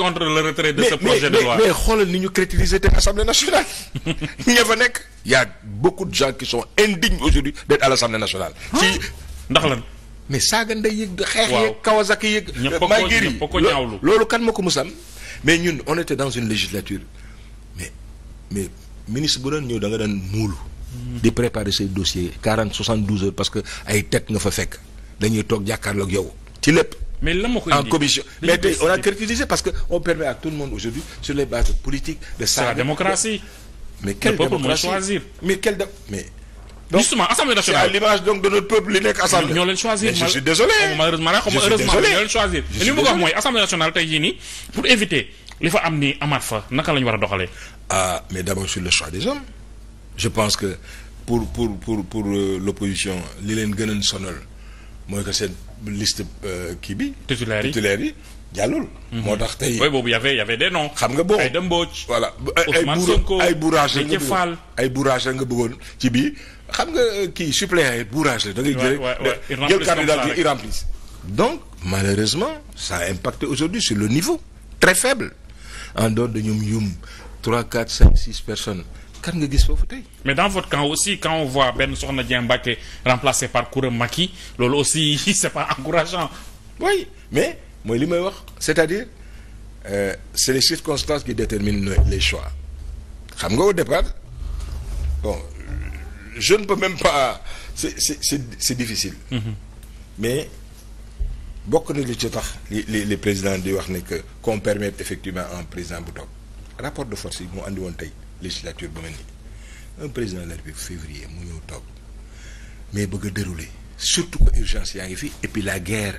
contre le retrait de mais, ce mais, xoolal ni ñu critiquer tey assemblée nationale ña fa nekk y a beaucoup de gens qui sont indignes aujourd'hui d'être nationale ah. ci ndax lan mais saaga nday yëg xeex yëg kawasaki yëg maa ngir yi loolu kan ma ko musam mais ñun on était dans une législature mais mais ministre bu doon ñëw da nga daan muulu hmm. di préparer say dossier quarante soixante douze heures parce que ay teg nga fa fekk dañuy toog jàkkaarlook yow ci lépp mais lan moo koy en commission mais tey on a critiqué parce que on permet à tout le monde aujourd'hui sur les bases politiques de sa la démocratie mais quelle démocratie justement assemblée nationale c'est à l'image donc de notre peuple li nekk assemblée ñoo leen choisir je suis désolé malheureusement rek xaw ma heureusement ñoo leen choisir li mu wax mooy assemblée nationale tey jii pour éviter li fa am ni amaat fa naka la war doxalee ah, mais d'abord sur le choix des je pense que pour pour pour pour euh, l'opposition li leen gën a sonal mooy que seen liste euh, kii bi. titulaire yi titulaire yi jàllul. Mhm. moo tax tey oui boobu y avait y avait des noms. xam nga boo ay Dembooch. voilà ay bourrage ay bourrage ay bourrage la nga bëggoon ci bii xam nga euh, kii suppléant yi bourrage la da ngay jël jël candidat yi il remplisse donc malheureusement ça a aujourd'hui sur le niveau très faible en dehors de ñoom yum 3 4 5 6 personnes kan nga gis foofu tey. mais dans votre camp aussi quand on voit benn Soxna Dieng Mbacké remplacé par Koura Macky loolu aussi c'est pas encourageant. oui mais mooy li may wax c'est-à-dire euh, c'est les circonstances qui déterminent les choix xam nga au départ bon je ne peux même pas c'est difficile. Mm-hmm. mais bokk na li ci tax li li li président di wax ne que qu'on permette effectivement un président bu toog rapport de force yi moo andi woon tey. législature bu mel nii un président de la République février mu ñëw toog mais bëgg a dérouler surtout que urgence yaa ngi fi et la guerre